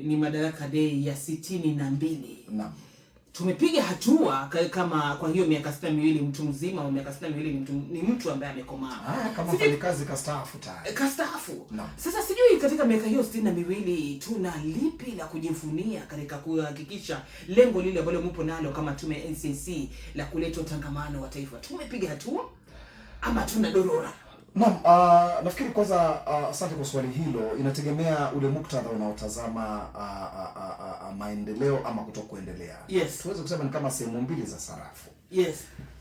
ni Madaraka dei ya sitini na mbili na tumepiga hatua kama kwa hiyo miaka sita miwili mtu mzima wa miaka sita miwili ni mtu, ni mtu ambaye amekomaa ah, kama kazi kastaafu tayari eh, kastaafu no. Sasa sijui katika miaka hiyo sitini na miwili tuna lipi la kujivunia katika kuhakikisha lengo lile ambalo mupo nalo kama tume NCC la kuleta utangamano wa taifa, tumepiga hatua ama tuna dorora? Naam, uh, nafikiri kwanza ah, asante uh, kwa swali hilo. Inategemea ule muktadha unaotazama uh, uh, uh, uh, maendeleo ama kutokuendelea. Yes. Tuweze kusema ni kama sehemu mbili za sarafu. Yes.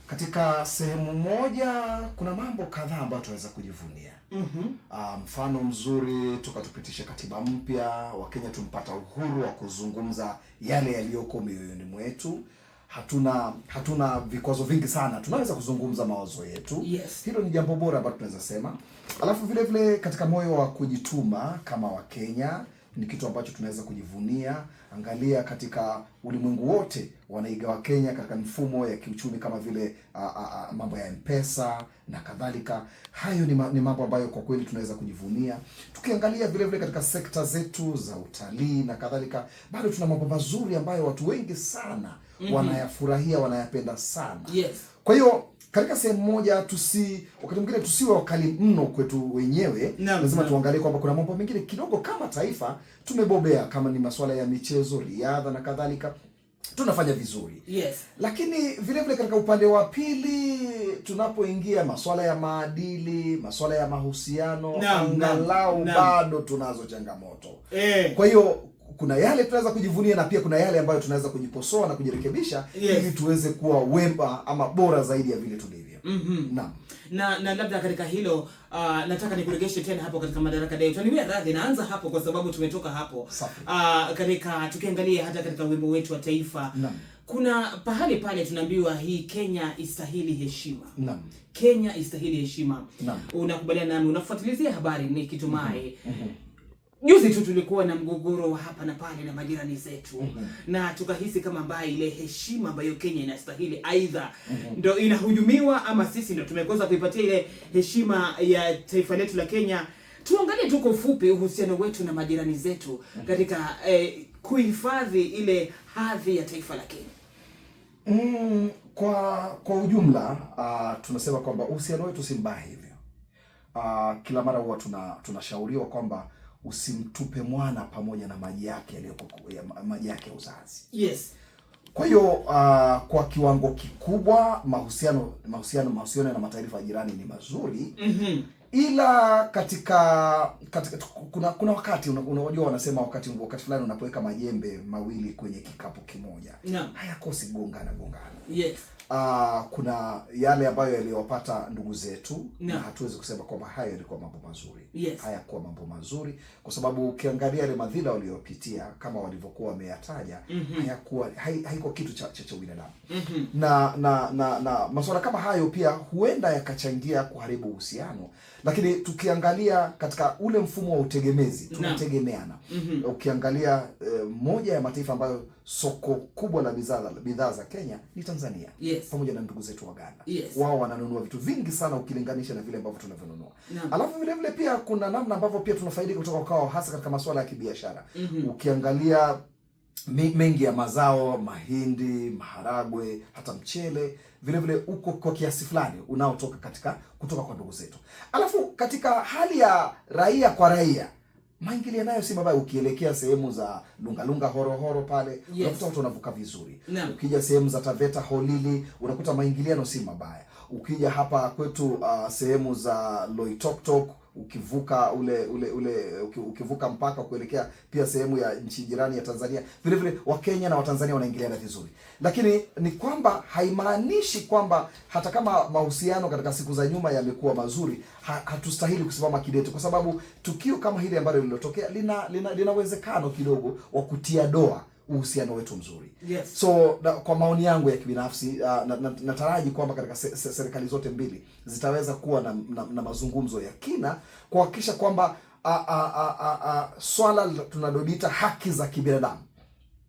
Katika sehemu moja kuna mambo kadhaa ambayo tunaweza kujivunia. Mm-hmm. Uh, mfano mzuri tukatupitisha katiba mpya, Wakenya tumpata uhuru wa kuzungumza yale yaliyoko mioyoni mwetu hatuna hatuna vikwazo vingi sana, tunaweza kuzungumza mawazo yetu yes. Hilo ni jambo bora ambalo tunaweza sema, alafu vile vile katika moyo wa kujituma kama Wakenya ni kitu ambacho tunaweza kujivunia. Angalia katika ulimwengu wote wanaiga wa Kenya katika mfumo ya kiuchumi kama vile a, a, a, mambo ya M-Pesa na kadhalika. Hayo ni, ma, ni mambo ambayo kwa kweli tunaweza kujivunia. Tukiangalia vile vile katika sekta zetu za utalii na kadhalika, bado tuna mambo mazuri ambayo watu wengi sana -hmm. wanayafurahia, wanayapenda sana yes. Kwa hiyo katika sehemu moja tusi wakati mwingine tusiwe wakali mno kwetu wenyewe. Lazima tuangalie kwamba kuna mambo mengine kidogo kama taifa tumebobea, kama ni masuala ya michezo, riadha na kadhalika, tunafanya vizuri yes. Lakini vile vile katika upande wa pili tunapoingia masuala ya maadili, masuala ya mahusiano, angalau bado tunazo changamoto eh. Kwa hiyo kuna yale tunaweza kujivunia na pia kuna yale ambayo tunaweza kujiposoa na kujirekebisha yes, ili tuweze kuwa wema ama bora zaidi ya vile tulivyo. mm -hmm. na na na labda katika hilo uh, nataka nikuregeshe tena hapo katika Madaraka Day. Utaniwia radhi, naanza hapo kwa sababu tumetoka hapo uh, katika tukiangalia hata katika wimbo wetu wa taifa na Kuna pahali pale tunaambiwa hii Kenya istahili heshima. Naam. Kenya istahili heshima. Unakubaliana nami? Unafuatilizia habari ni kitumai. mm -hmm. mm -hmm. Juzi tu tulikuwa na mgogoro wa hapa na pale na majirani zetu mm -hmm. na tukahisi kama mbaya ile heshima ambayo Kenya inastahili aidha mm -hmm. ndo inahujumiwa ama sisi ndo tumekosa kuipatia ile heshima ya taifa letu la Kenya. Tuangalie tu kwa ufupi uhusiano wetu na majirani zetu mm -hmm. katika eh, kuhifadhi ile hadhi ya taifa la Kenya. Mm, kwa kwa ujumla uh, tunasema kwamba uhusiano wetu si mbaya hivyo. Uh, kila mara huwa tuna kwamba usimtupe mwana pamoja na maji yake yaliyokuwa maji yake ya uzazi. Yes. Kwa hiyo uh, kwa kiwango kikubwa mahusiano mahusiano mahusiano na mataifa jirani ni mazuri. Mm -hmm ila katika, katika kuna kuna wakati unajua wanasema wakati wakati fulani unapoweka majembe mawili kwenye kikapu kimoja no. hayakosi gongana gongana. Yes. Uh, kuna yale ambayo yaliyowapata ndugu zetu no. na hatuwezi kusema kwamba hayo yalikuwa mambo mazuri. Yes. hayakuwa mambo mazuri kwa sababu ukiangalia yale madhila waliyopitia kama walivyokuwa wameyataja mm -hmm. hayakuwa hai, haikuwa kitu cha cha, cha binadamu mm -hmm. na na na, na masuala kama hayo pia huenda yakachangia kuharibu uhusiano lakini tukiangalia katika ule mfumo wa utegemezi tunategemeana. mm -hmm. Ukiangalia e, moja ya mataifa ambayo soko kubwa la bidhaa bidhaa za Kenya ni Tanzania. Yes. Pamoja na ndugu zetu Waganda. Yes. Wao wananunua vitu vingi sana ukilinganisha na vile ambavyo tunavyonunua. Alafu vile vile pia kuna namna ambavyo pia tunafaidika kutoka kwao hasa katika masuala ya kibiashara. mm -hmm. Ukiangalia mengi ya mazao, mahindi, maharagwe, hata mchele vilevile uko kwa kiasi fulani unaotoka katika kutoka kwa ndugu zetu. Alafu katika hali ya raia kwa raia maingiliano nayo si mabaya. Ukielekea sehemu za Lungalunga, Horohoro pale yes. unakuta watu wanavuka vizuri no. Ukija sehemu za Taveta, Holili unakuta maingiliano si mabaya. Ukija hapa kwetu uh, sehemu za Loitoktok ukivuka ule ule ule ukivuka mpaka kuelekea pia sehemu ya nchi jirani ya Tanzania. Vile vile Wakenya na Watanzania wanaingiliana vizuri, lakini ni kwamba haimaanishi kwamba hata kama mahusiano katika siku za nyuma yamekuwa mazuri, hatustahili kusimama kidete, kwa sababu tukio kama hili ambalo lililotokea lina lina, lina uwezekano kidogo wa kutia doa uhusiano wetu mzuri. Yes. So na, kwa maoni yangu ya kibinafsi uh, nataraji na, kwamba katika se, se, serikali zote mbili zitaweza kuwa na, na, na mazungumzo ya kina kuhakikisha kwamba uh, uh, uh, swala tunaloliita haki za kibinadamu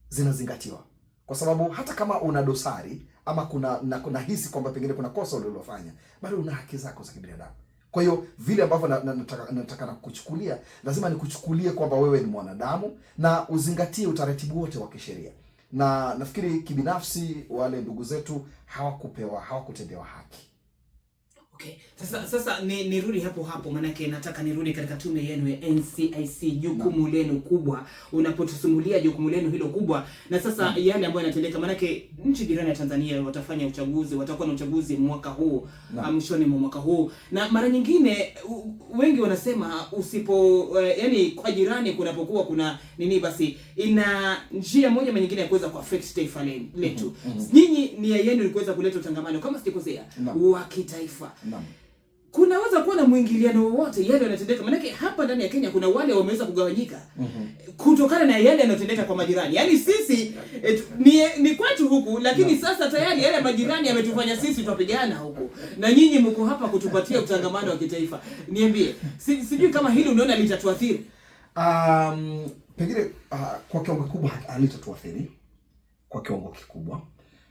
zinazingatiwa, kwa sababu hata kama una dosari ama kuna na, nahisi kwamba pengine kuna kosa ulilofanya, bado una haki zako za kibinadamu. Kwa hiyo vile ambavyo na, na, nataka, nataka na kuchukulia, lazima nikuchukulie kwamba wewe ni mwanadamu na uzingatie utaratibu wote wa kisheria, na nafikiri kibinafsi wale ndugu zetu hawakupewa hawakutendewa haki. Okay. Sasa sasa nirudi ni hapo hapo, manake nataka nirudi katika tume yenu ya NCIC, jukumu lenu kubwa, unapotusumulia jukumu lenu hilo kubwa na sasa yale ambayo yanatendeka, maanake nchi jirani ya Tanzania watafanya uchaguzi, watakuwa na uchaguzi mwaka huu mwishoni mwa mwaka huu, na mara nyingine wengi wanasema usipo, eh, yani kwa jirani kunapokuwa kuna nini basi ina njia moja nyingine ya kuweza kuaffect taifa mhm, letu. Mhm. Nyinyi nia yenu ni kuweza kuleta utangamano, kama sijakosea, wa kitaifa kunaweza kuwa na mwingiliano wowote yale yanatendeka, maanake hapa ndani ya Kenya kuna wale wameweza kugawanyika mm -hmm. kutokana na yale yanayotendeka kwa majirani. Yaani sisi et, eh, ni, ni kwetu huku, lakini no. sasa tayari yale majirani yametufanya sisi twapigana huku na nyinyi mko hapa kutupatia utangamano wa kitaifa. Niambie, si, sijui kama hili unaona litatuathiri. Um, pengine uh, kwa kiwango kikubwa halitatuathiri kwa kiwango kikubwa,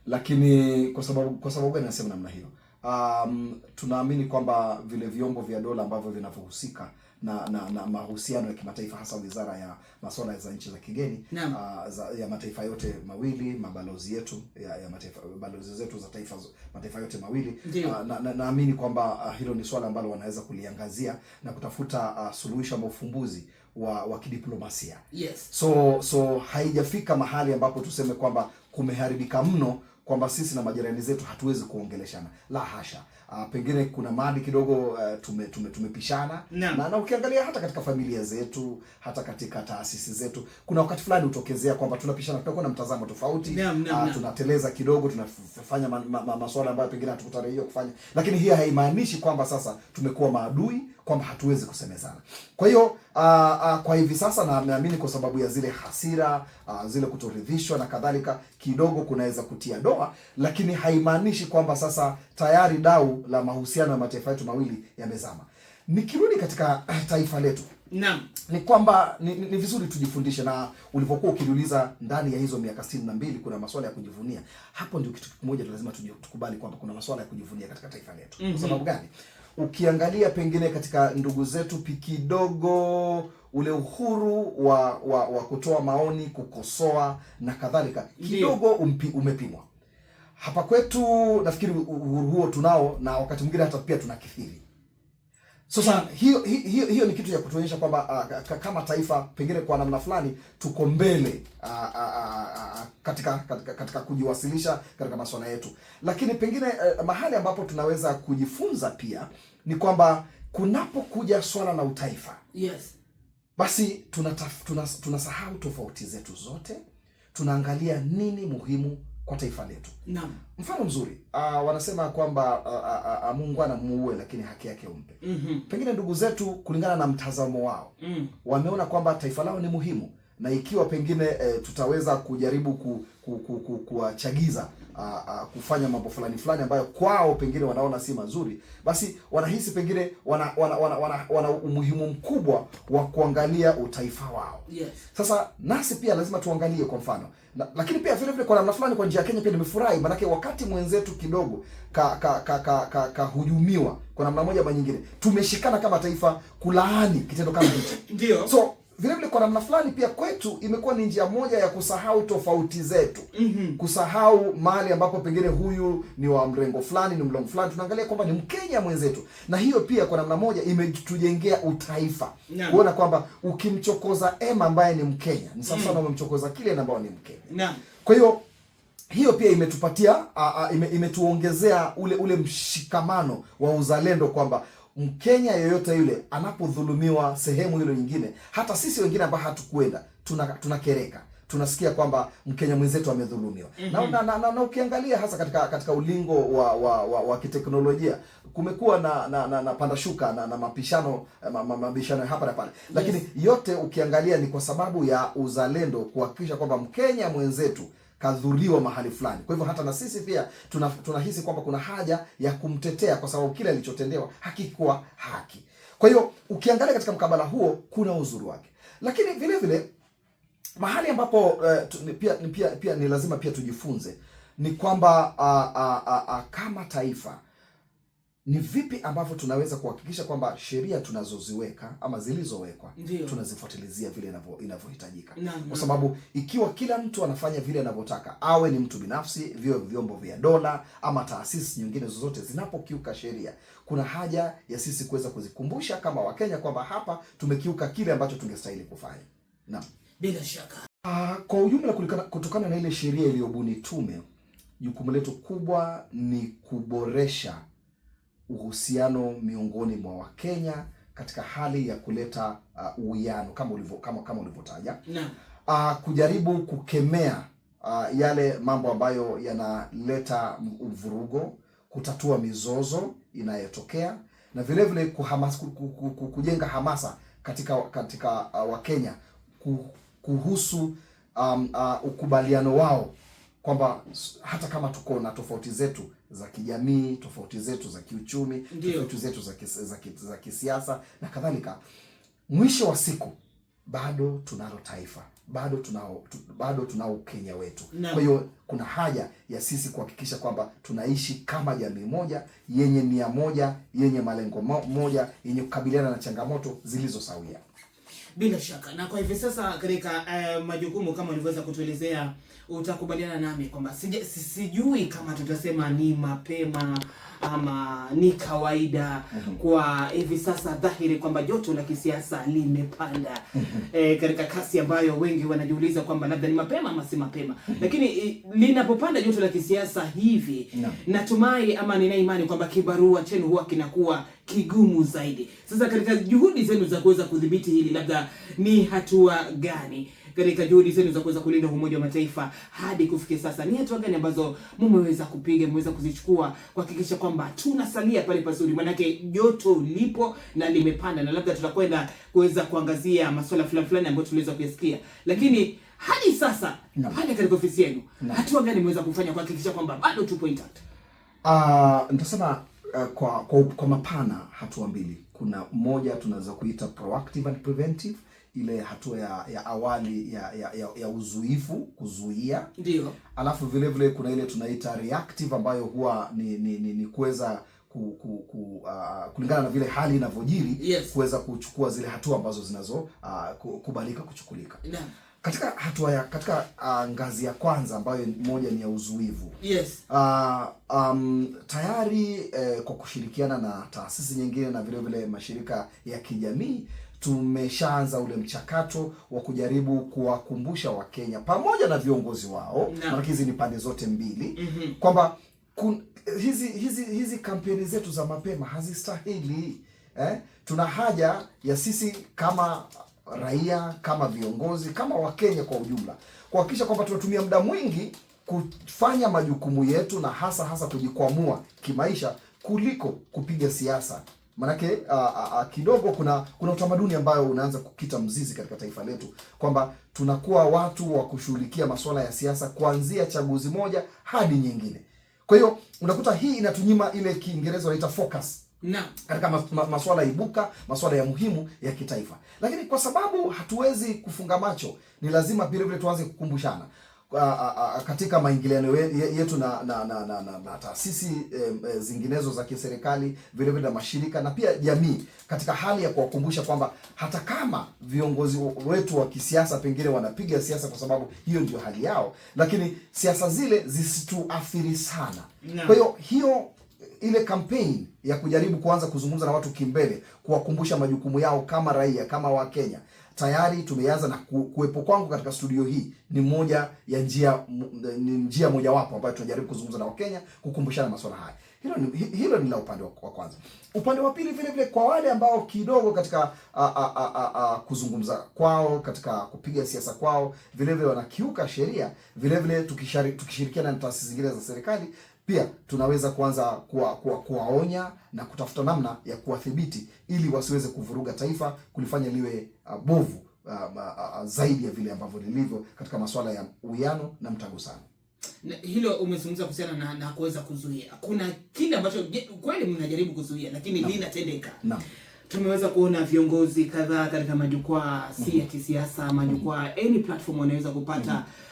lakini kwa sababu kwa sababu gani nasema namna hiyo? Um, tunaamini kwamba vile vyombo vya dola ambavyo vinavyohusika na, na, na mahusiano ya kimataifa hasa wizara ya masuala za nchi za kigeni uh, za, ya mataifa yote mawili mabalozi yetu ya, ya mataifa balozi zetu za taifa mataifa yote mawili uh, na, naamini na kwamba uh, hilo ni swala ambalo wanaweza kuliangazia na kutafuta uh, suluhisho ama ufumbuzi wa, wa kidiplomasia. Yes. So so haijafika mahali ambapo tuseme kwamba kumeharibika mno kwamba sisi na majirani zetu hatuwezi kuongeleshana, la hasha. Uh, pengine kuna maadi kidogo uh, tume, tume, tumepishana na, na ukiangalia hata katika familia zetu hata katika taasisi zetu kuna wakati fulani hutokezea kwamba tunapishana, tunakuwa na mtazamo tofauti uh, tunateleza kidogo, tunafanya ma, ma, ma, maswala ambayo pengine hatukutarajia kufanya, lakini hii haimaanishi kwamba sasa tumekuwa maadui kwamba hatuwezi kusemezana. Kwa hiyo uh, uh, kwa hivi sasa na ameamini kwa sababu ya zile hasira uh, zile kutoridhishwa na kadhalika, kidogo kunaweza kutia doa, lakini haimaanishi kwamba sasa tayari dau la mahusiano ya mataifa yetu mawili yamezama. Nikirudi katika taifa letu Naam. Ni kwamba ni, ni vizuri tujifundishe, na ulivyokuwa ukiniuliza ndani ya hizo miaka sitini na mbili kuna masuala ya kujivunia. Hapo ndio kitu kimoja lazima tukubali kwamba kuna masuala ya kujivunia katika taifa letu. mm -hmm. kwa mhm. sababu gani? ukiangalia pengine katika ndugu zetu dogo ule uhuru wa wa, wa kutoa maoni, kukosoa na kadhalika kidogo umepimwa. Hapa kwetu nafikiri uhuru huo tunao, na wakati mwingine hata pia tunakithiri. Sasa hiyo hiyo hiyo ni kitu ya kutuonyesha kwamba uh, kama taifa pengine kwa namna fulani tuko mbele uh, uh, uh, katika, katika katika kujiwasilisha katika masuala yetu, lakini pengine uh, mahali ambapo tunaweza kujifunza pia ni kwamba kunapokuja swala la utaifa yes, basi tunasahau tuna, tuna tofauti zetu zote, tunaangalia nini muhimu kwa taifa letu. Naam. Mfano mzuri uh, wanasema kwamba uh, uh, uh, Mungu muue, lakini haki yake umpe. mm -hmm. Pengine ndugu zetu kulingana na mtazamo wao mm. wameona kwamba taifa lao ni muhimu na ikiwa pengine e, tutaweza kujaribu ku, ku, ku, ku, kuwachagiza a, a, kufanya mambo fulani fulani ambayo kwao pengine wanaona si mazuri, basi wanahisi pengine wana, wana, wana, wana, wana umuhimu mkubwa wa kuangalia utaifa wao. Yes. Sasa nasi pia lazima tuangalie kwa mfano na, lakini pia vile vile kwa namna fulani kwa njia ya Kenya pia nimefurahi, maanake wakati mwenzetu kidogo ka ka ka ka, ka, ka kwa namna moja ama nyingine, tumeshikana kama taifa kulaani kitendo kama hicho. Ndio. So vile vile kwa namna fulani pia kwetu imekuwa ni njia moja ya kusahau tofauti zetu mm -hmm. Kusahau mahali ambapo pengine huyu ni wa mrengo fulani, ni mlongo fulani, tunaangalia kwamba ni Mkenya mwenzetu, na hiyo pia kwa namna moja imetujengea utaifa yeah. Kuona kwamba ukimchokoza Emma ambaye ni Mkenya ni sasa mm -hmm. Umemchokoza kile ambayo ni Mkenya yeah. Kwa hiyo hiyo pia imetupatia a, a, ime, imetuongezea ule ule mshikamano wa uzalendo kwamba Mkenya yoyote yule anapodhulumiwa sehemu hilo nyingine, hata sisi wengine ambao hatukwenda tunakereka, tuna tunasikia kwamba Mkenya mwenzetu amedhulumiwa. mm -hmm. na, na, na, na ukiangalia hasa katika katika ulingo wa wa, wa, wa kiteknolojia kumekuwa na na, na, na shuka na, na mapishano ma, ma, hapa na pale, lakini yes. yote ukiangalia ni kwa sababu ya uzalendo, kuhakikisha kwamba Mkenya mwenzetu kadhuriwa mahali fulani. Kwa hivyo hata na sisi pia tuna, tunahisi kwamba kuna haja ya kumtetea kwa sababu kile alichotendewa hakikuwa haki. Kwa hiyo ukiangalia katika mkabala huo kuna uzuri wake, lakini vile vile mahali ambapo uh, tu, ni, pia, ni, pia, pia ni lazima pia tujifunze ni kwamba uh, uh, uh, uh, kama taifa ni vipi ambavyo tunaweza kuhakikisha kwamba sheria tunazoziweka ama zilizowekwa tunazifuatilizia vile inavyohitajika, kwa sababu ikiwa kila mtu anafanya vile anavyotaka, awe ni mtu binafsi, viwe vyombo vya dola ama taasisi nyingine zozote, zinapokiuka sheria, kuna haja ya sisi kuweza kuzikumbusha kama Wakenya kwamba hapa tumekiuka kile ambacho tungestahili kufanya. bila shaka ah, kwa ujumla, kutokana na ile sheria iliyobuni tume, jukumu letu kubwa ni kuboresha uhusiano miongoni mwa Wakenya katika hali ya kuleta uh, uwiano kama ulivyo kama kama ulivyotaja Uh, kujaribu kukemea uh, yale mambo ambayo yanaleta mvurugo, kutatua mizozo inayotokea na vile vile kuhamas, kujenga hamasa katika katika uh, Wakenya kuhusu um, uh, ukubaliano wao kwamba hata kama tuko na tofauti zetu za kijamii, tofauti zetu za kiuchumi, tofauti zetu za, kis, za, kis, za kisiasa na kadhalika, mwisho wa siku bado tunalo taifa, bado tunao tu, bado tunao Ukenya wetu. Kwa hiyo kuna haja ya sisi kuhakikisha kwamba tunaishi kama jamii moja yenye nia moja yenye malengo moja yenye kukabiliana na changamoto zilizo sawia. Bila shaka na kwa hivi sasa katika uh, majukumu kama ulivyoweza kutuelezea, utakubaliana nami kwamba sijui kama tutasema ni mapema ama ni kawaida mhm. kwa hivi sasa, dhahiri kwamba joto la kisiasa limepanda e, katika kasi ambayo wengi wanajiuliza kwamba labda ni mapema ama si mapema, mhm. lakini eh, linapopanda joto la kisiasa hivi no. Natumai ama nina imani kwamba kibarua chenu huwa kinakuwa kigumu zaidi. Sasa katika juhudi zenu za kuweza kudhibiti hili, labda ni hatua gani katika juhudi zenu za kuweza kulinda Umoja wa Mataifa hadi kufikia sasa, ni hatua gani ambazo mmeweza kupiga, mmeweza kuzichukua kuhakikisha kwamba tunasalia pale pazuri? Maanake joto lipo na limepanda, na labda tutakwenda kuweza kuangazia masuala fulani fulani ambayo tuliweza kuyasikia, lakini hadi sasa no. pale katika ofisi yenu no. hatua gani mmeweza kufanya kuhakikisha kwamba bado tupo intact? Uh, ntasema Eh, kwa, kwa, kwa mapana hatua mbili. Kuna moja tunaweza kuita proactive and preventive, ile hatua ya, ya awali ya, ya, ya, ya uzuifu kuzuia, ndio. Alafu vile vile kuna ile tunaita reactive ambayo huwa ni, ni, ni, ni kuweza ku, ku, ku, uh, kulingana na vile hali inavyojiri yes, kuweza kuchukua zile hatua ambazo zinazo uh, kubalika kuchukulika, ndio katika hatua ya katika uh, ngazi ya kwanza ambayo moja ni ya uzuivu. Yes. Uh, um, tayari eh, kwa kushirikiana na taasisi nyingine na vile vile mashirika ya kijamii tumeshaanza ule mchakato wa kujaribu kuwakumbusha Wakenya pamoja na viongozi wao no. maana hizi ni pande zote mbili mm -hmm. kwamba kun, hizi hizi hizi kampeni zetu za mapema hazistahili eh? Tuna haja ya sisi kama raia, kama viongozi, kama Wakenya kwa ujumla, kuhakikisha kwamba tunatumia muda mwingi kufanya majukumu yetu na hasa hasa kujikwamua kimaisha kuliko kupiga siasa. Maanake kidogo kuna kuna utamaduni ambayo unaanza kukita mzizi katika taifa letu kwamba tunakuwa watu wa kushughulikia masuala ya siasa kuanzia chaguzi moja hadi nyingine. Kwa hiyo unakuta hii inatunyima ile Kiingereza wanaita focus na katika masuala ibuka, masuala ya muhimu ya kitaifa. Lakini kwa sababu hatuwezi kufunga macho, ni lazima vile vile tuanze kukumbushana uh, uh, uh, katika maingiliano yetu na, na, na, na, na, na taasisi e, zinginezo za kiserikali vile vile na mashirika na pia jamii, katika hali ya kuwakumbusha kwamba hata kama viongozi wetu wa kisiasa pengine wanapiga siasa kwa sababu hiyo ndio hali yao, lakini siasa zile zisituathiri sana. Kwa hiyo hiyo ile kampeni ya kujaribu kuanza kuzungumza na watu kimbele, kuwakumbusha majukumu yao kama raia, kama Wakenya, tayari tumeanza na kuwepo kwangu katika studio hii ni moja ya njia, ni njia mojawapo ambayo tunajaribu kuzungumza na Wakenya, kukumbushana masuala haya. Hilo ni, hilo ni la upande wa kwanza. Upande wa pili vile vile kwa wale ambao kidogo katika a, a, a, a, kuzungumza kwao katika kupiga siasa kwao vile vile wanakiuka sheria, vile vile tukishirikiana na taasisi zingine za serikali pia tunaweza kuanza kuwa, kuwa, kuwaonya na kutafuta namna ya kuwathibiti ili wasiweze kuvuruga taifa kulifanya liwe uh, bovu uh, uh, uh, zaidi ya vile ambavyo lilivyo katika masuala ya uwiano na mtagusano. Na hilo umezungumza kuhusiana na, na kuweza kuzuia. Kuna kile ambacho kweli mnajaribu kuzuia lakini linatendeka. Naam. Tumeweza kuona viongozi kadhaa katika majukwaa si mhm. ya kisiasa, majukwaa any platform wanaweza kupata mm -hmm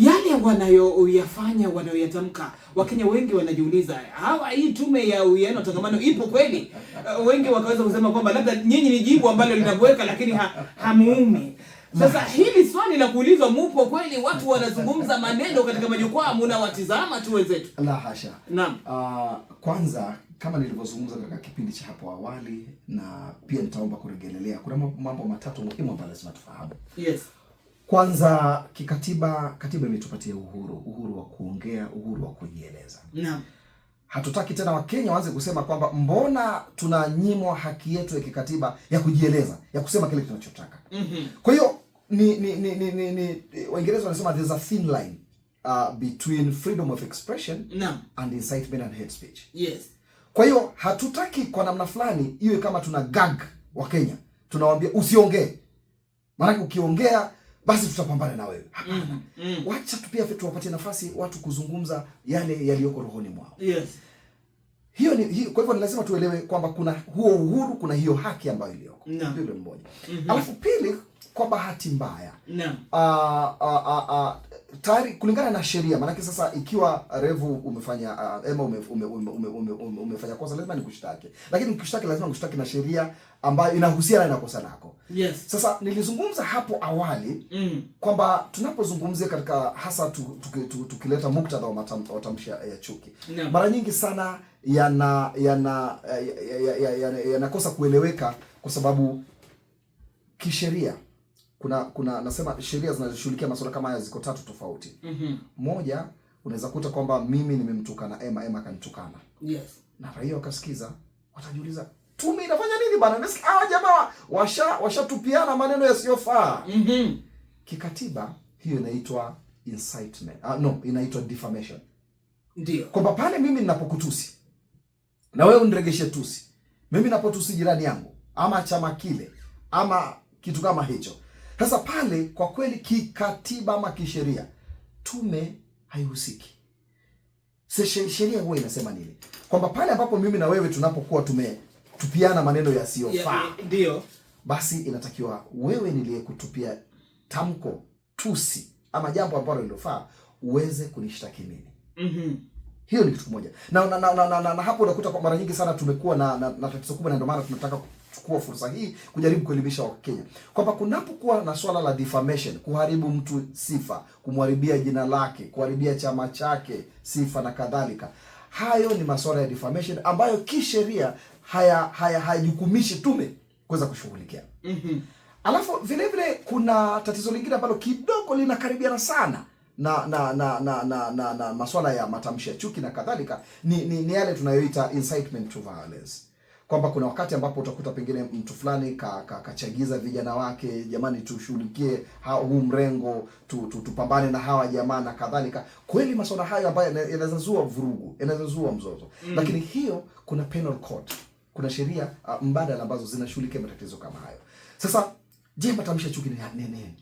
yale wanayoyafanya wanayoyatamka, Wakenya wengi wanajiuliza, hawa hii tume ya uwiano tangamano ipo kweli? Uh, wengi wakaweza kusema kwamba labda nyinyi ni jibu ambalo linavyoweka lakini ha, hamuumi. Sasa hili swali la kuulizwa mupo kweli, watu wanazungumza maneno katika majukwaa, mnawatizama tu wenzetu? La hasha. Naam. Uh, kwanza kama nilivyozungumza katika kipindi cha hapo awali, na pia nitaomba kurejelea, kuna mambo matatu muhimu ambayo lazima tufahamu. Yes. Kwanza kikatiba, katiba imetupatia uhuru, uhuru wa kuongea, uhuru wa kujieleza. Naam. Hatutaki tena Wakenya waanze kusema kwamba mbona tunanyimwa haki yetu ya kikatiba ya kujieleza, ya kusema kile tunachotaka. Mm -hmm. Kwa hiyo ni ni ni, ni, ni, ni Waingereza wanasema there's a thin line uh, between freedom of expression no. and incitement and hate speech. Yes. Kwa hiyo hatutaki kwa namna fulani iwe kama tuna gag Wakenya. Tunawaambia usiongee. Maana ukiongea basi tutapambana na wewe. Mm-hmm. Hapana. Mm, mm. Wacha pia tuwapatie nafasi watu kuzungumza yale yaliyoko rohoni mwao. Yes. Hiyo ni hiyo, kwa hivyo ni lazima tuelewe kwamba kuna huo uhuru, kuna hiyo haki ambayo iliyoko. Hilo no. Mm -hmm. Alafu pili, kwa bahati mbaya. No. Uh, uh, uh, uh, tayari kulingana na sheria, maanake sasa ikiwa Revu umefanya uh, ema ume, ume, ume, ume, ume, ume, umefanya kosa lazima nikushtaki, lakini nikushtaki lazima nikushtaki na sheria ambayo inahusiana na kosa lako. Yes. Sasa nilizungumza hapo awali mm, kwamba tunapozungumzia katika hasa tukileta tu, tu, tu, muktadha wa matamshi ya chuki no, mara nyingi sana yana yanakosa ya, ya, ya, ya kueleweka kwa sababu kisheria kuna kuna nasema sheria zinazoshughulikia masuala kama haya ziko tatu tofauti. mm -hmm. Moja, unaweza kuta kwamba mimi nimemtukana Emma, Emma kanitukana. Yes. Na raia wakasikiza, watajiuliza tume inafanya nini bana? Nasikia hawa jamaa washa washatupiana maneno yasiyofaa. mm -hmm. Kikatiba hiyo inaitwa incitement. Ah, no, inaitwa defamation. Ndio. Kwamba pale mimi ninapokutusi na wewe uniregeshe tusi, mimi napotusi jirani yangu ama chama kile ama kitu kama hicho sasa pale kwa kweli, kikatiba ama kisheria, tume haihusiki. Sheria huwa inasema nini? Kwamba pale ambapo mimi na wewe tunapokuwa tumetupiana maneno yasiyofaa, eh, ndio basi inatakiwa wewe niliyekutupia tamko tusi ama jambo ambalo lilofaa uweze kunishtaki mimi. mm -hmm. Hiyo ni kitu kimoja na, na, na, na, na, na hapo unakuta kwa mara nyingi sana tumekuwa na, na, na tatizo kubwa, na ndio maana tunataka kuchukua fursa hii kujaribu kuelimisha Wakenya kwamba kunapokuwa na swala la defamation, kuharibu mtu sifa, kumharibia jina lake, kuharibia chama chake sifa na kadhalika, hayo ni masuala ya defamation ambayo kisheria haya haya hayajukumishi tume kuweza kushughulikia. mm -hmm. Alafu vile vile kuna tatizo lingine ambalo kidogo linakaribiana sana na na na na na, na, na masuala ya matamshi ya chuki na kadhalika, ni, ni, ni yale tunayoita incitement to violence kwamba kuna wakati ambapo utakuta pengine mtu fulani kachagiza ka, ka vijana wake, jamani, tushughulikie huu mrengo tu, tu, tupambane na hawa jamaa na kadhalika. Kweli masuala hayo ambayo yanaweza zua vurugu, yanaweza zua mzozo mm. Lakini hiyo kuna penal code, kuna sheria uh, mbadala ambazo zinashughulikia matatizo kama hayo. Sasa je, matamshi ya chuki ni nini?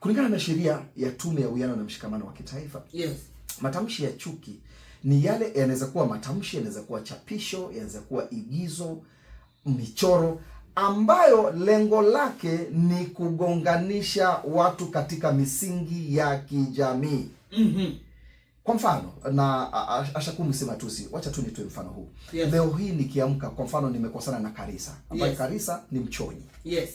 Kulingana na sheria ya Tume ya Uwiano na Mshikamano wa Kitaifa, yes, matamshi ya chuki ni yale yanaweza kuwa matamshi, yanaweza kuwa chapisho, yanaweza kuwa igizo, michoro ambayo lengo lake ni kugonganisha watu katika misingi ya kijamii. mm -hmm. Kwa mfano na Ashakum tusi, wacha tu nitoe mfano huu yes. Leo hii nikiamka, kwa mfano, nimekosana na Karisa ambaye yes. Karisa ni mchonyi yes.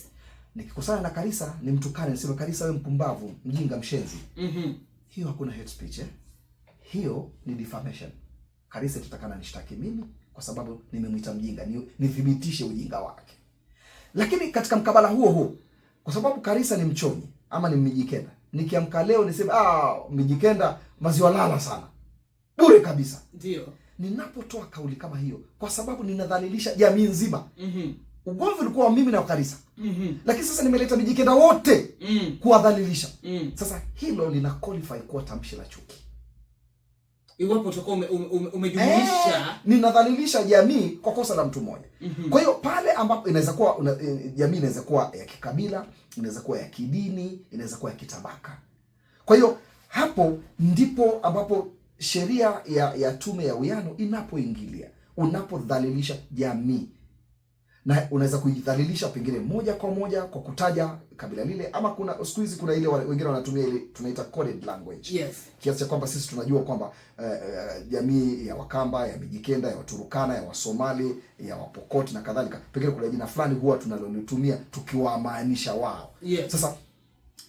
Nikikosana na Karisa mtukane, niseme Karisa, we mpumbavu, mjinga, mshenzi. mm -hmm. Hiyo hakuna hate speech eh? hiyo ni defamation. Karisa tutakana nishtaki mimi kwa sababu nimemwita mjinga, ni nithibitishe ujinga wake. Lakini katika mkabala huo huo, kwa sababu Karisa ni mchonyi ama ni Mijikenda, nikiamka leo niseme ah, Mijikenda maziwa lala sana, bure kabisa. Ndio ninapotoa kauli kama hiyo, kwa sababu ninadhalilisha jamii nzima. mm -hmm. Ugomvi ulikuwa wa mimi na Karisa. mm -hmm. Lakini sasa nimeleta Mijikenda wote mm -hmm. kuwadhalilisha. mm -hmm. Sasa hilo lina qualify kuwa tamshi la chuki iwapo utakuwa umejumuisha, eh, ninadhalilisha jamii kwa kosa la mtu mmoja. mm -hmm. Kwa hiyo pale ambapo inaweza kuwa una, eh, jamii inaweza kuwa ya kikabila, inaweza kuwa ya kidini, inaweza kuwa ya kitabaka. Kwa hiyo hapo ndipo ambapo sheria ya, ya Tume ya Uwiano inapoingilia unapodhalilisha jamii na unaweza kuidhalilisha pengine moja kwa moja kwa kutaja kabila lile, ama kuna siku hizi kuna ile wengine wanatumia ile tunaita coded language yes, kiasi cha kwamba sisi tunajua kwamba eh, eh, jamii uh, ya Wakamba, ya Mijikenda, ya Waturukana, ya Wasomali, ya Wapokoti na kadhalika, pengine kuna jina fulani huwa tunalolitumia tukiwamaanisha wao yes. Sasa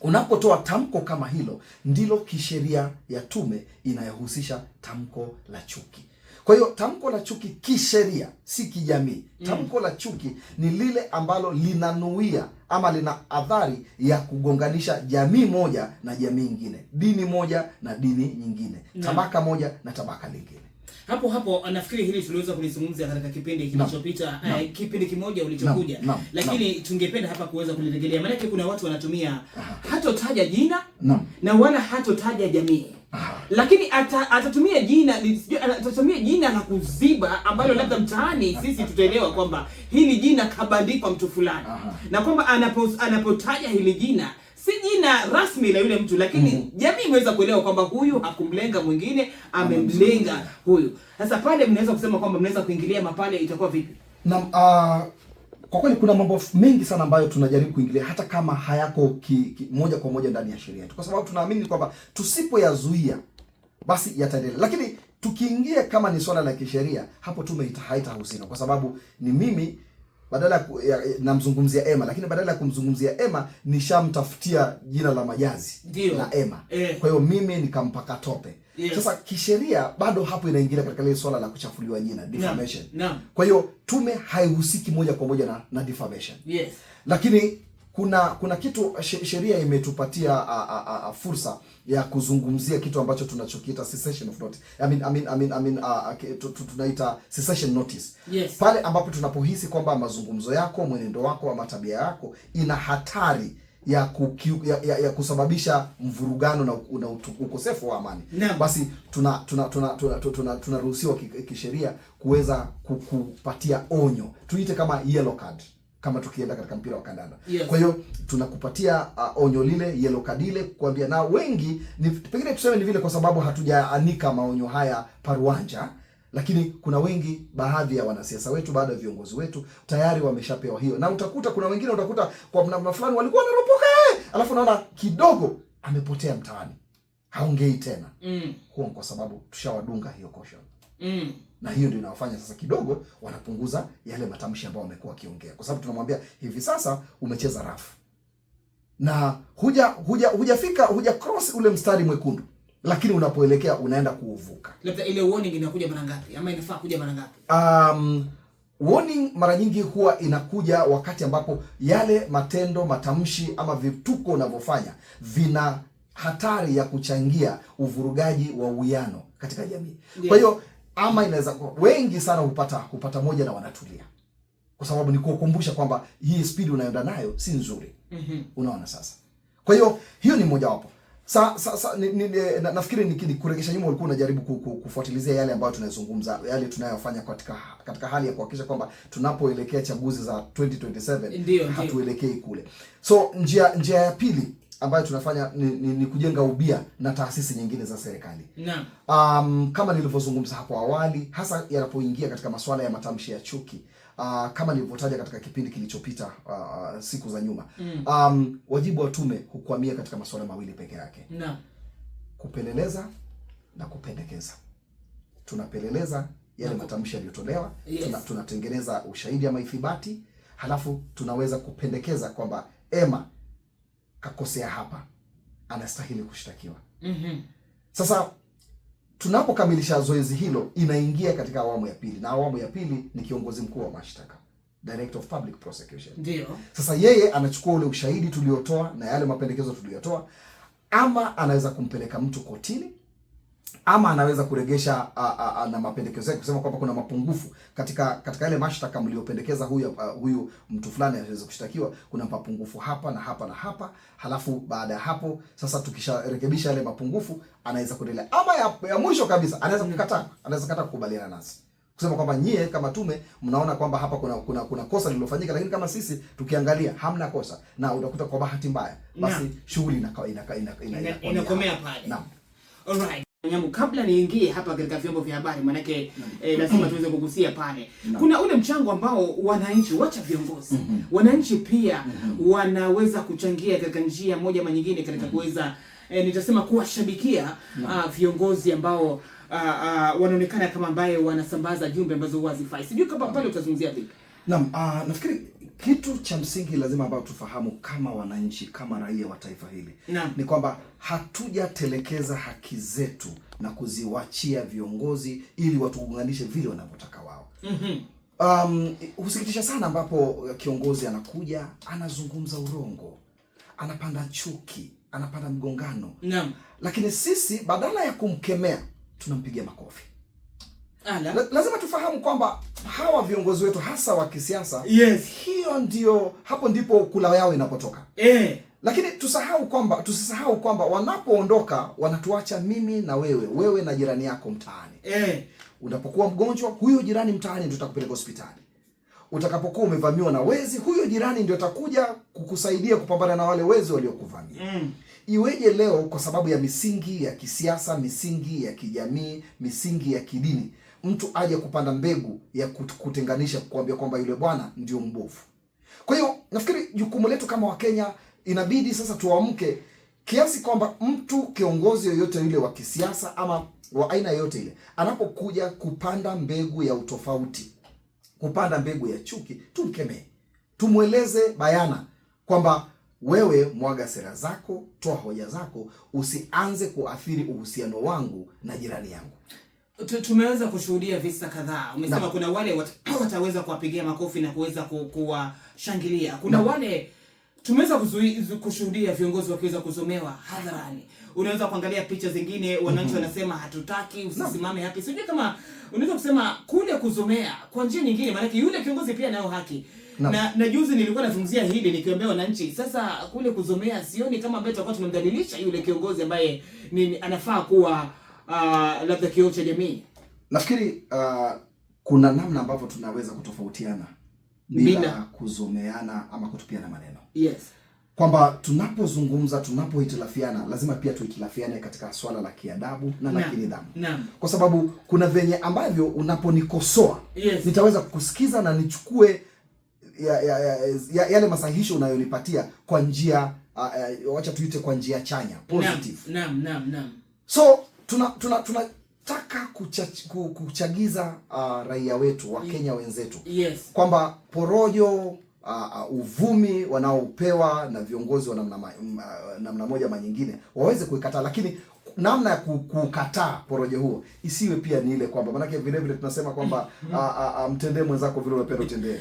unapotoa tamko kama hilo, ndilo kisheria ya tume inayohusisha tamko la chuki. Kwa hiyo tamko la chuki kisheria, si kijamii. Mm. Tamko la chuki ni lile ambalo linanuia ama lina adhari ya kugonganisha jamii moja na jamii nyingine, dini moja na dini nyingine, tabaka moja na tabaka lingine. Hapo hapo uh, nafikiri hili tuliweza kulizungumza katika kipindi kilichopita, uh, kipindi kimoja ulichokuja, lakini na, tungependa hapa kuweza kulirejelea, maanake kuna watu wanatumia hatotaja jina na, na wala hatotaja jamii lakini ata, atatumia jina atatumia jina la kuziba ambalo labda mtaani sisi tutaelewa kwamba hili jina kabandikwa mtu fulani, na kwamba anapo, anapotaja hili jina si jina rasmi la yule mtu, lakini mm -hmm. jamii imeweza kuelewa kwamba huyu hakumlenga mwingine, amemlenga huyu. Sasa pale mnaweza kusema kwamba mnaweza kuingilia mapale, itakuwa vipi? Na uh, kwa kweli kuna mambo mengi sana ambayo tunajaribu kuingilia hata kama hayako ki, ki, moja kwa moja ndani ya sheria yetu, kwa sababu tunaamini kwamba tusipoyazuia basi yataendelea, lakini tukiingia kama ni swala la kisheria, hapo tume haitahusika kwa sababu ni mimi badala ya namzungumzia Emma lakini badala ya kumzungumzia Emma nishamtafutia jina la majazi Ndiyo. na Emma eh. Kwa hiyo mimi nikampaka tope yes. Sasa kisheria bado hapo inaingilia katika ile swala la kuchafuliwa jina defamation. Kwa hiyo tume haihusiki moja kwa moja na, na defamation yes. Lakini kuna kuna kitu sheria imetupatia a, a, a, a, fursa ya kuzungumzia kitu ambacho tunachokiita cessation of notice. I mean, I mean, I mean, I mean, uh, tunaita cessation notice. Yes. Pale ambapo tunapohisi kwamba mazungumzo yako, mwenendo wako ama tabia yako ina hatari ya, kukiu, ya, ya, ya kusababisha mvurugano na, na ukosefu wa amani no. Basi tuna tunaruhusiwa tuna, tuna, tuna, tuna kisheria kuweza kukupatia onyo tuite kama yellow card kama tukienda katika mpira wa kandanda yes. Kwa hiyo tunakupatia uh, onyo lile yellow card ile kuambia, na wengi ni pengine tuseme ni vile kwa sababu hatujaanika maonyo haya paruanja, lakini kuna wengi, baadhi ya wanasiasa wetu, baada ya viongozi wetu tayari wameshapewa hiyo, na utakuta kuna wengine, utakuta kwa namna fulani walikuwa wanaropoka, alafu naona kidogo amepotea mtaani, haongei tena mm. Huo kwa sababu tushawadunga hiyo caution mm na hiyo ndio inawafanya sasa kidogo wanapunguza yale matamshi ambayo wamekuwa wakiongea, kwa sababu tunamwambia hivi sasa umecheza rafu na huja huja hujafika huja cross ule mstari mwekundu, lakini unapoelekea unaenda kuuvuka. Labda ile warning inakuja mara ngapi, ama inafaa kuja mara ngapi? Um, warning mara nyingi huwa inakuja wakati ambapo yale matendo, matamshi ama vituko unavyofanya vina hatari ya kuchangia uvurugaji wa uwiano katika jamii, yeah. Kwa hiyo ama inaweza kuwa wengi sana hupata hupata moja na wanatulia, kwa sababu ni kukumbusha kwamba hii speed unayoenda nayo si nzuri. mm -hmm. Unaona sasa, kwa hiyo hiyo ni mojawapo. Sa, sa, sa, ni, ni, na, nafikiri ni, ni kurekesha nyuma, ulikuwa unajaribu kufuatilizia yale ambayo tunayozungumza, yale tunayofanya katika katika hali ya kuhakikisha kwamba tunapoelekea chaguzi za 2027 hatuelekei kule. So njia njia ya pili ambayo tunafanya ni, ni, ni kujenga ubia na taasisi nyingine za serikali. Um, kama nilivyozungumza hapo awali, hasa yanapoingia katika masuala ya matamshi ya chuki uh, kama nilivyotaja katika kipindi kilichopita uh, uh siku za nyuma mm. Um, wajibu wa tume hukwamia katika masuala mawili peke yake. Naam. Kupeleleza na kupendekeza. Tunapeleleza yale matamshi yaliyotolewa, yes. Tuna, tunatengeneza ushahidi ama ithibati, halafu tunaweza kupendekeza kwamba ema kakosea hapa, anastahili kushtakiwa. mm -hmm. Sasa tunapokamilisha zoezi hilo, inaingia katika awamu ya pili, na awamu ya pili ni kiongozi mkuu wa mashtaka Director of Public Prosecution. Ndio. Sasa yeye anachukua ule ushahidi tuliotoa na yale mapendekezo tuliyotoa, ama anaweza kumpeleka mtu kotini ama anaweza kuregesha a, a, a, na mapendekezo yake kusema kwamba kuna mapungufu katika katika yale mashtaka mliopendekeza huyu uh, huyu mtu fulani aweze kushtakiwa, kuna mapungufu hapa na hapa na hapa. Halafu baada ya hapo sasa, tukisharekebisha yale mapungufu, anaweza kuendelea. Ama ya, ya mwisho kabisa anaweza mm. kukataa, anaweza kata kukubaliana nasi kusema kwamba nyie kama tume mnaona kwamba hapa kuna kuna kuna kosa lililofanyika, lakini kama sisi tukiangalia hamna kosa, na utakuta kwa bahati mbaya basi shughuli inakomea pale. Naam. Alright. Nyambu, kabla niingie hapa katika vyombo vya habari, maanake eh, lazima eh, tuweze kugusia pale Kuna ule mchango ambao wananchi, wacha viongozi mm -hmm. wananchi pia mm -hmm. wanaweza kuchangia katika njia moja ama nyingine katika mm -hmm. kuweza eh, nitasema kuwashabikia uh, viongozi ambao uh, uh, wanaonekana kama ambaye wanasambaza jumbe ambazo huwa hazifai. Sijui kama pale utazungumzia vipi? Naam, uh, nafikiri kitu cha msingi lazima ambayo tufahamu kama wananchi, kama raia wa taifa hili na, ni kwamba hatujatelekeza haki zetu na kuziwachia viongozi ili watuunganishe vile wanavyotaka wao. mm -hmm. Um, husikitisha sana ambapo kiongozi anakuja anazungumza urongo, anapanda chuki, anapanda mgongano na, lakini sisi badala ya kumkemea tunampigia makofi lazima tufahamu kwamba hawa viongozi wetu hasa wa kisiasa yes, hiyo ndio, hapo ndipo kula yao inapotoka eh. Lakini tusahau kwamba tusisahau kwamba wanapoondoka wanatuacha mimi na wewe, wewe na jirani yako mtaani eh. Unapokuwa mgonjwa, huyo jirani mtaani ndio atakupeleka hospitali. Utakapokuwa umevamiwa na wezi, huyo jirani ndio atakuja kukusaidia kupambana na wale wezi waliokuvamia mm. Iweje leo kwa sababu ya misingi ya kisiasa, misingi ya kijamii, misingi ya kidini mtu aje kupanda mbegu ya kutenganisha, kuambia kwamba yule bwana ndio mbovu. Kwa hiyo nafikiri jukumu letu kama Wakenya inabidi sasa tuamke kiasi kwamba mtu kiongozi yoyote yule wa kisiasa ama wa aina yoyote ile anapokuja kupanda mbegu ya utofauti, kupanda mbegu ya chuki, tumkemee, tumweleze bayana kwamba wewe mwaga sera zako, toa hoja zako, usianze kuathiri uhusiano wangu na jirani yangu tumeweza kushuhudia visa kadhaa. Umesema no. kuna wale wat, wataweza kuwapigia makofi na kuweza kuwashangilia. Kuna no. wale tumeweza kushuhudia viongozi wakiweza kuzomewa hadharani. Unaweza kuangalia picha zingine, wananchi mhm. wanasema mm -hmm. hatutaki usisimame hapi Sijui kama unaweza kusema kule kuzomea kwa njia nyingine, maanake yule kiongozi pia nayo haki no. na na juzi nilikuwa nazungumzia hili nikiambia wananchi, sasa kule kuzomea sioni kama ambaye tutakuwa tumemdhalilisha yule kiongozi ambaye anafaa kuwa uh, labda kioo cha jamii? Nafikiri uh, kuna namna ambavyo tunaweza kutofautiana bila, kuzomeana ama kutupiana maneno. Yes, kwamba tunapozungumza tunapohitilafiana lazima pia tuhitilafiane katika swala la kiadabu na la kinidhamu, kwa sababu kuna venye ambavyo unaponikosoa yes, nitaweza kukusikiza na nichukue ya, ya, ya, ya, yale masahihisho unayonipatia kwa njia uh, uh, wacha tuite kwa njia chanya positive. Naam, naam, naam. So tunataka tuna, tuna kuchagiza uh, raia wetu wa Kenya wenzetu yes, kwamba porojo Uh, uvumi wanaopewa na viongozi wa namna, ma, mm, namna moja ma nyingine waweze kuikataa, lakini namna ya kukataa porojo huo isiwe pia ni ile kwamba, maanake vile vile tunasema kwamba mm-hmm. mtendee mwenzako vile unapenda utendee.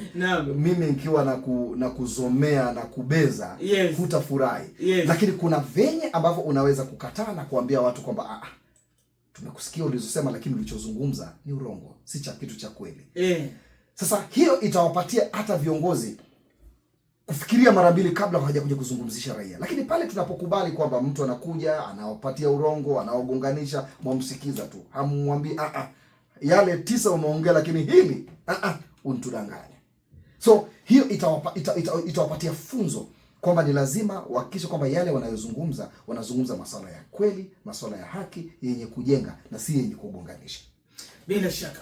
Mimi nikiwa na, ku, na kuzomea na kubeza yes, hutafurahi yes, lakini kuna venye ambavyo unaweza kukataa na kuambia watu kwamba tumekusikia ulizosema, lakini ulichozungumza ni urongo, si cha kitu cha kweli eh. Sasa hiyo itawapatia hata viongozi kufikiria mara mbili kabla hawajakuja kuzungumzisha raia. Lakini pale tunapokubali kwamba mtu anakuja anawapatia urongo, anawagonganisha, mwamsikiza tu, hamwambii a ah, a, ah, yale tisa umeongea, lakini hili a ah, a, untudanganya. So hiyo itawapa, ita, ita, itawapatia funzo kwamba ni lazima wahakikishe kwamba yale wanayozungumza wanazungumza masuala ya kweli, masuala ya haki yenye kujenga na si yenye kugonganisha. Bila shaka